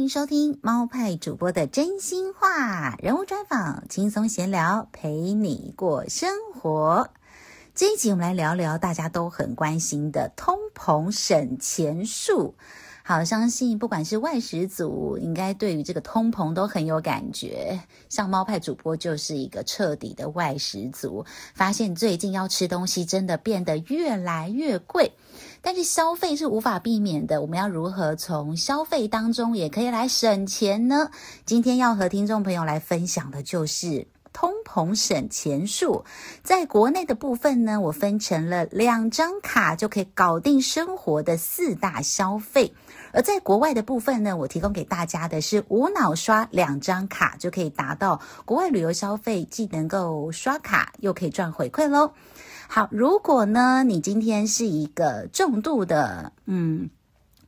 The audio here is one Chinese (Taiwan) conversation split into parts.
歡迎收聽貓派主播的真心話人物專訪，輕鬆閒聊，陪你過生活。這一集我們來聊聊大家都很關心的通膨省錢術。好，相信不管是外食族，應該對於這個通膨都很有感覺。像貓派主播就是一個徹底的外食族，發現最近要吃東西真的變得越來越貴，但是消費是無法避免的。我們要如何從消費當中也可以來省錢呢？今天要和聽眾朋友來分享的就是通膨省錢術。在國內的部分呢，我分成了兩張卡就可以搞定生活的四大消費。而在國外的部分呢，我提供給大家的是無腦刷兩張卡，就可以達到國外旅遊消費，既能夠刷卡，又可以賺回饋嘍。好，如果呢，你今天是一個重度的，嗯。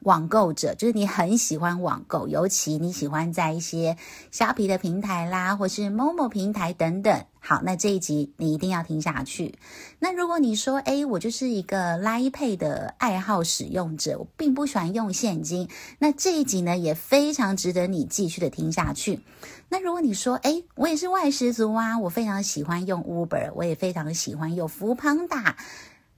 網購者就是你很喜歡網購，尤其你喜歡在一些蝦皮的平台啦，或是 Momo 平台等等。好，那這一集你一定要聽下去。那如果你說，誒我就是一個 LINE Pay 的愛好使用者，我並不喜歡用現金，那這一集呢也非常值得你繼續的聽下去。那如果你說，誒我也是外食族啊，我非常喜歡用 Uber，我也非常喜歡用 foodpanda。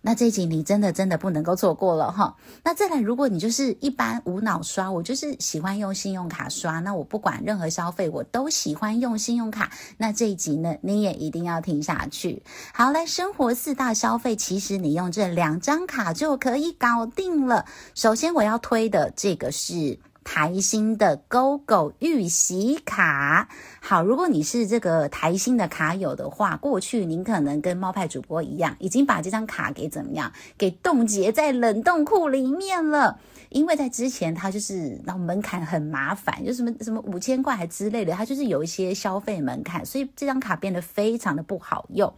那這一集你真的真的不能夠錯過了哈。那再來，如果你就是一般無腦刷，我就是喜歡用信用卡刷，那我不管任何消費，我都喜歡用信用卡。那這一集呢，你也一定要聽下去。好嘞，生活四大消費，其實你用這兩張卡就可以搞定了。首先我要推的這個是。台新的 GO GO 御璽卡，好，如果你是這個台新的卡友的話，過去您可能跟貓派主播一樣，已經把這張卡給怎麼樣，給凍結在冷凍庫裡面了，因為在之前它就是那門檻很麻煩，就什麼什麼五千塊還之類的，它就是有一些消費門檻，所以這張卡變得非常的不好用。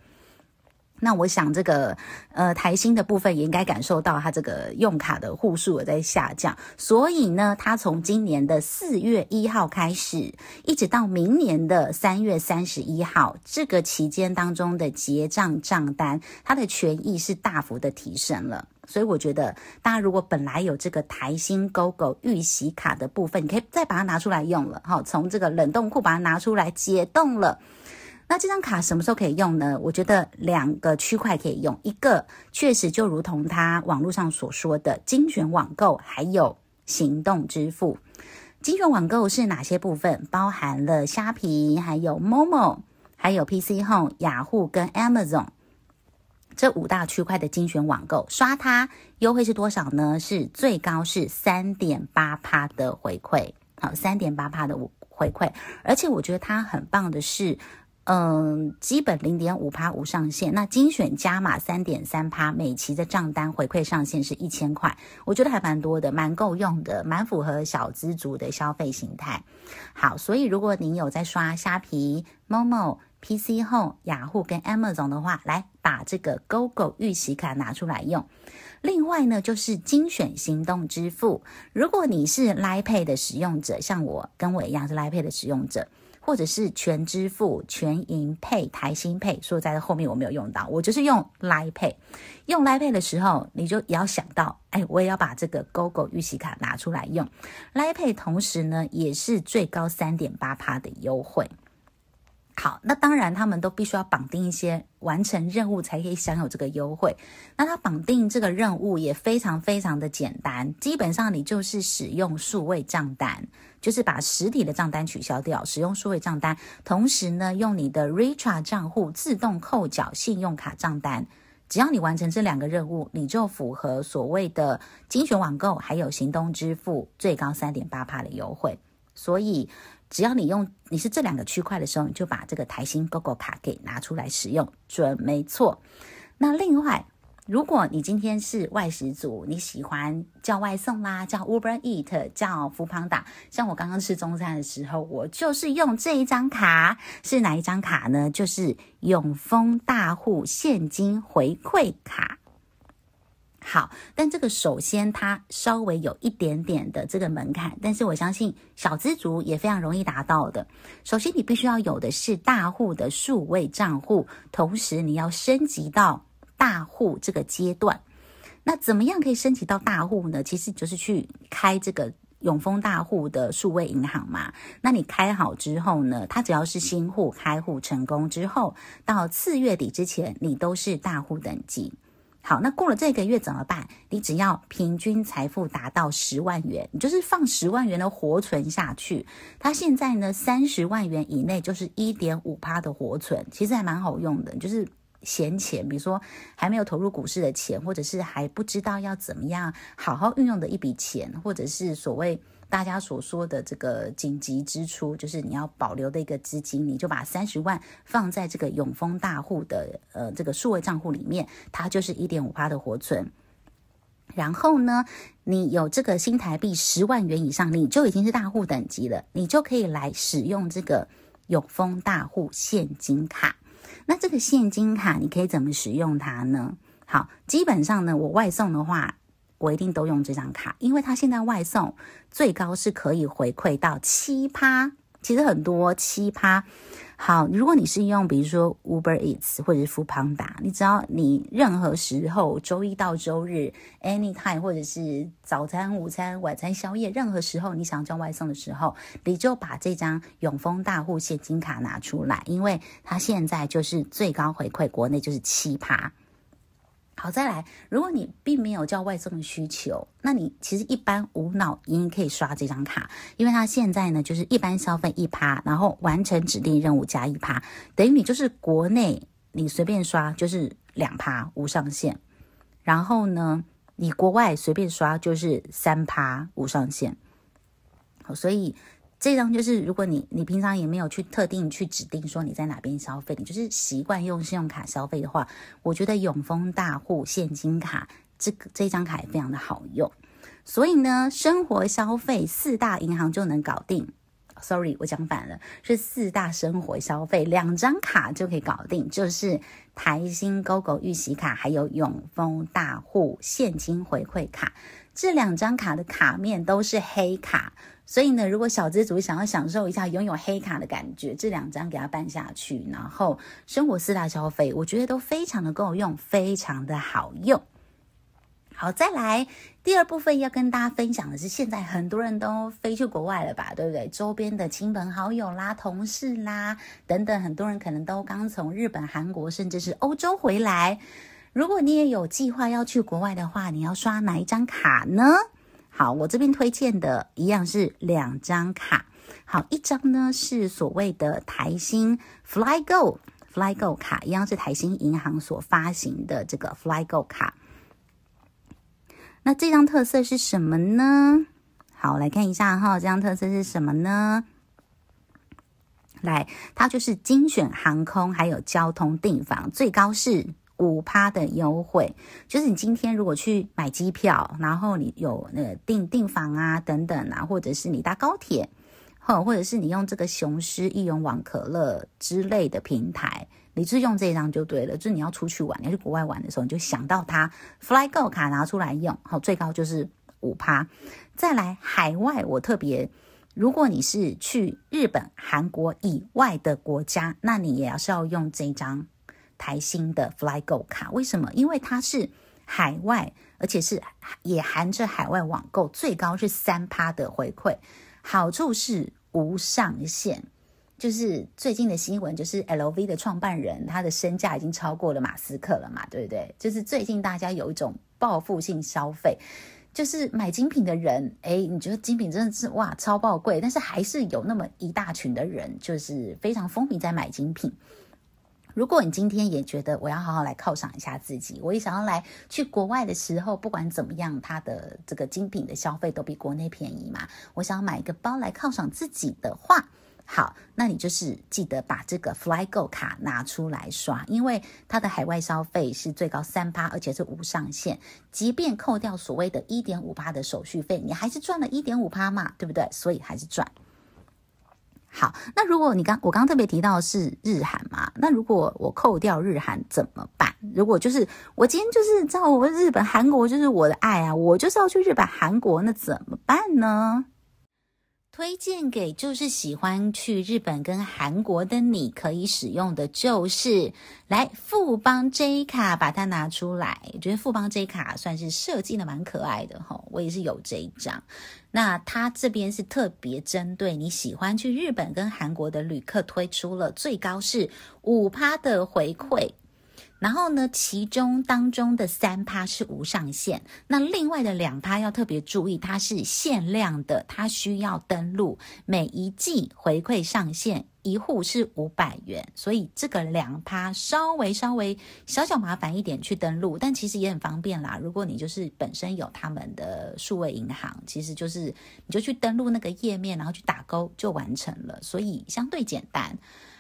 那我想這個呃台新的部分也應該感受到它這個用卡的戶數也在下降，所以呢，它從今年的四月一號開始，一直到明年的三月三十一號這個期間當中的結賬賬單，它的權益是大幅的提升了。所以我覺得大家如果本來有這個台新 GoGo 預習卡的部分，你可以再把它拿出來用了哈，從這個冷凍庫把它拿出來解凍了。那這張卡什麼時候可以用呢？我覺得兩個區塊可以用，一個確實就如同它網絡上所說的精選網購，還有行動支付。精選網購是哪些部分？包含了蝦皮，還有 MOMO，還有 PC Home、雅虎跟 Amazon 這五大區塊的精選網購，刷它優惠是多少呢？是最高是三點八趴的回饋，好，三點八趴的回饋。而且我覺得它很棒的是。嗯，基本零點五趴無上限，那精選加碼三點三趴，每期的賬單回饋上限是一千塊，我覺得還蠻多的，蠻夠用的，蠻符合小資族的消費形態。好，所以如果你有在刷蝦皮、momo、PC Home、雅虎跟 Amazon 的話，來把這個 GoGo 預習卡拿出來用。另外呢，就是精選行動支付，如果你是 LINE Pay 的使用者，像我跟我一樣是 LINE Pay 的使用者。或者是全支付、全銀配、台新配，所以在後面我沒有用到，我就是用 LINE Pay。用 LINE Pay 的時候，你就也要想到，哎，我也要把這個 GOGO 預習卡拿出來用。LINE Pay，同時呢，也是最高三點八趴的優惠。好，那當然他們都必須要綁定一些完成任務才可以享有這個優惠。那他綁定這個任務也非常非常的簡單，基本上你就是使用數位賬單，就是把實體的賬單取消掉，使用數位賬單，同時呢用你的 Richart 賬戶自動扣繳信用卡賬單。只要你完成這兩個任務，你就符合所謂的精選網購還有行動支付最高三點八趴的優惠。所以，只要你用你是這兩個區塊的時候，你就把這個台新 GoGo 卡給拿出來使用，準沒錯。那另外，如果你今天是外食族，你喜歡叫外送啦，叫 Uber Eat，叫 Foodpanda，像我剛剛吃中餐的時候，我就是用這一張卡，是哪一張卡呢？就是永豐大戶現金回饋卡。好，但這個首先它稍微有一點點的這個門檻，但是我相信小資族也非常容易達到的。首先你必須要有的是大戶的數位賬戶同時你要升級到大戶這個階段。那怎麼樣可以升級到大戶呢？其實就是去開這個永豐大戶的數位銀行嘛。那你開好之後呢，它只要是新戶開戶成功之後，到次月底之前，你都是大戶等級。好，那過了這個月怎麼辦？你只要平均財富達到十萬元，你就是放十萬元的活存下去。它現在呢，三十萬元以內就是一點五趴的活存，其實還蠻好用的，就是閒錢，比如說還沒有投入股市的錢，或者是還不知道要怎麼樣好好運用的一筆錢，或者是所謂大家所說的這個緊急支出，就是你要保留的一個資金，你就把三十萬放在這個永豐大戶的呃、這個數位賬戶裡面，它就是一點五趴的活存。然後呢，你有這個新台幣十萬元以上，你就已經是大戶等級了，你就可以來使用這個永豐大戶現金卡。那這個現金卡你可以怎麼使用它呢？好，基本上呢，我外送的話。我一定都用這張卡，因為它現在外送最高是可以回饋到七趴。其實很多七、哦、趴。好，如果你是用比如說 Uber Eats 或者是 Foodpanda，你只要你任何時候，週一到週日 anytime，或者是早餐、午餐、晚餐、宵夜，任何時候你想叫外送的時候，你就把這張永豐大戶現金卡拿出來，因為它現在就是最高回饋，國內就是七趴。好，再來。如果你並沒有叫外送的需求，那你其實一般無腦應該可以刷這張卡，因為它現在呢就是一般消費一趴，然後完成指定任務加一趴，等於你就是國內你隨便刷就是兩趴無上限，然後呢你國外隨便刷就是三趴無上限。好，所以。這張就是，如果你你平常也沒有去特定去指定說你在哪邊消費，你就是習慣用信用卡消費的話，我覺得永豐大戶現金卡這個這張卡也非常的好用。所以呢，生活消費四大銀行就能搞定。Sorry，我講反了，是四大生活消費兩張卡就可以搞定，就是台新 GO GO 御璽卡還有永豐大戶現金回饋卡。這兩張卡的卡面都是黑卡，所以呢，如果小資族想要享受一下擁有黑卡的感覺，這兩張給他辦下去，然後生活四大消費，我覺得都非常的夠用，非常的好用。好，再來第二部分要跟大家分享的是，現在很多人都飛去國外了吧，對不對？周邊的親朋好友啦、同事啦等等，很多人可能都剛從日本、韓國甚至是歐洲回來。如果你也有計劃要去國外的話，你要刷哪一張卡呢？好，我這邊推薦的一樣是兩張卡。好，一張呢是所謂的台新 FlyGo FlyGo 卡，一樣是台新銀行所發行的這個 FlyGo 卡。那這張特色是什麼呢？好，來看一下哈、哦，這張特色是什麼呢？來，它就是精選航空還有交通訂房，最高是。五趴的優惠，就是你今天如果去買機票，然後你有那個訂訂房啊等等啊，或者是你搭高鐵，哼，或者是你用這個雄獅易遊網、可樂之類的平台，你就用這張就對了。就是你要出去玩，你要去國外玩的時候，你就想到它 FlyGo 卡拿出來用，好，最高就是五趴。再來，海外我特別，如果你是去日本、韓國以外的國家，那你也要是要用這張。台新的 FlyGo 卡，為什麼？因為它是海外，而且是也含着海外網購，最高是三趴的回饋，好處是無上限。就是最近的新聞，就是 LV 的創辦人，他的身價已經超過了馬斯克了嘛，對不對？就是最近大家有一種暴富性消費，就是買精品的人，哎，你覺得精品真的是哇超爆貴，但是還是有那麼一大群的人，就是非常風靡在買精品。如果你今天也覺得我要好好來犒賞一下自己，我也想要來去國外的時候，不管怎麼樣，它的這個精品的消費都比國內便宜嘛。我想要買一個包來犒賞自己的話，好，那你就是記得把這個 FlyGo 卡拿出來刷，因為它的海外消費是最高三趴，而且是無上限。即便扣掉所謂的一點五趴的手續費，你還是賺了一點五趴嘛，對不對？所以還是賺。好，那如果你剛我剛剛特別提到的是日韓嘛，那如果我扣掉日韓怎麼辦？如果就是我今天就是在我日本韓國就是我的愛啊，我就是要去日本韓國，那怎麼辦呢？推薦給就是喜歡去日本跟韓國的你，可以使用的就是來富邦 J 卡，把它拿出來。我覺得富邦 J 卡算是設計的蠻可愛的吼，我也是有這一張。那它這邊是特別針對你喜歡去日本跟韓國的旅客推出了，最高是五趴的回饋。然後呢，其中當中的三趴是無上限，那另外的兩趴要特別注意，它是限量的，它需要登錄，每一季回饋上限一戶是五百元，所以這個兩趴稍微稍微小小麻煩一點去登錄，但其實也很方便啦。如果你就是本身有他們的數位銀行，其實就是你就去登錄那個頁面，然後去打勾就完成了，所以相對簡單。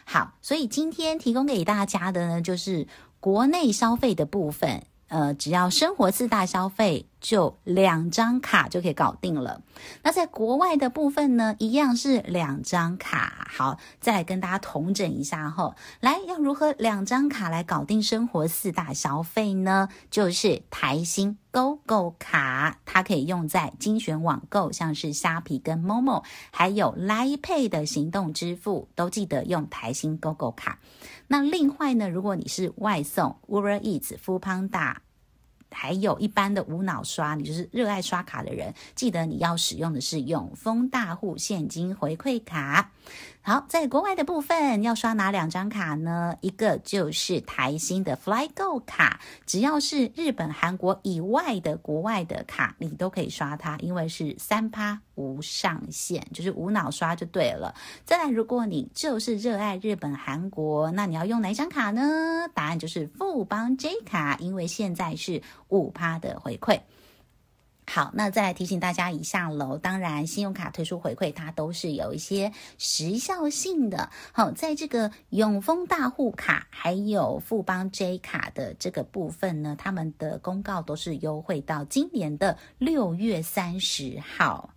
好，所以今天提供給大家的呢就是。國內消費的部分，呃，只要生活四大消費。就兩張卡就可以搞定了。那在國外的部分呢，一樣是兩張卡。好，再來跟大家統整一下後，後來要如何兩張卡來搞定生活四大消費呢？就是台新 GoGo 卡，它可以用在精選網購，像是蝦皮跟 Momo，還有 Line Pay 的行動支付，都記得用台新 GoGo 卡。那另外呢，如果你是外送 Uber Eats、Foodpanda 還有一般的無腦刷，你就是熱愛刷卡的人，記得你要使用的是永豐大戶現金回饋卡。好，在國外的部分要刷哪兩張卡呢？一個就是台新的 FlyGo 卡，只要是日本、韓國以外的國外的卡，你都可以刷它，因為是三趴無上限，就是無腦刷就對了。再來，如果你就是熱愛日本、韓國，那你要用哪一張卡呢？答案就是富邦 J 卡，因為現在是五趴的回饋。好，那再來提醒大家一下嘍。當然，信用卡推出回饋，它都是有一些時效性的。好、哦，在這個永豐大戶卡還有富邦 J 卡的這個部分呢，他們的公告都是優惠到今年的六月三十號。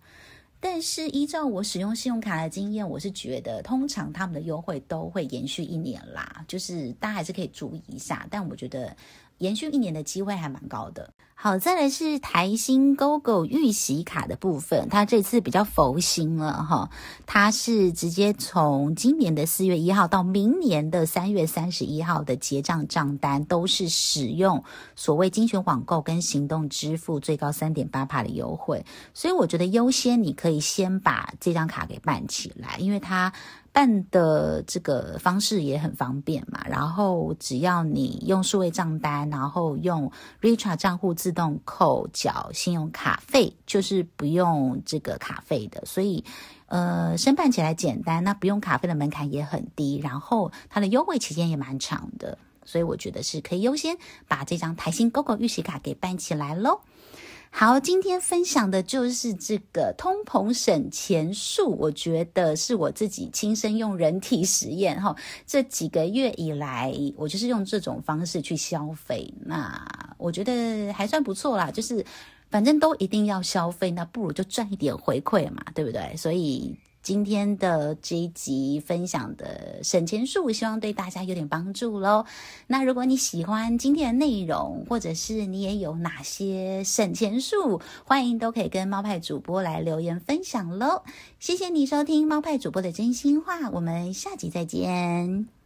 但是，依照我使用信用卡的經驗，我是覺得通常他們的優惠都會延續一年啦，就是大家還是可以注意一下。但我覺得，延續一年的機會還蠻高的。好，再來是台新 GO GO 預習卡的部分，它這次比較佛心了哈。它是直接從今年的四月一號到明年的三月三十一號的結賬賬單都是使用所謂精選網購跟行動支付最高三點八趴的優惠，所以我覺得優先你可以先把這張卡給辦起來，因為它。辦的這個方式也很方便嘛，然後只要你用數位賬單，然後用 Richart 賬戶自動扣繳信用卡費，就是不用這個卡費的。所以，呃，申辦起來簡單，那不用卡費的門檻也很低，然後它的優惠期間也蠻長的，所以我覺得是可以優先把這張台新 GoGo 悠遊卡給辦起來嘍。好，今天分享的就是這個通膨省錢術。我覺得是我自己親身用人體實驗，哈，這幾個月以來，我就是用這種方式去消費。那我覺得還算不錯啦，就是反正都一定要消費，那不如就賺一點回饋嘛，對不對？所以。今天的這一集分享的省錢術，希望對大家有點幫助嘍。那如果你喜歡今天的內容，或者是你也有哪些省錢術，歡迎都可以跟貓派主播來留言分享嘍。謝謝你收聽貓派主播的真心話，我們下集再見。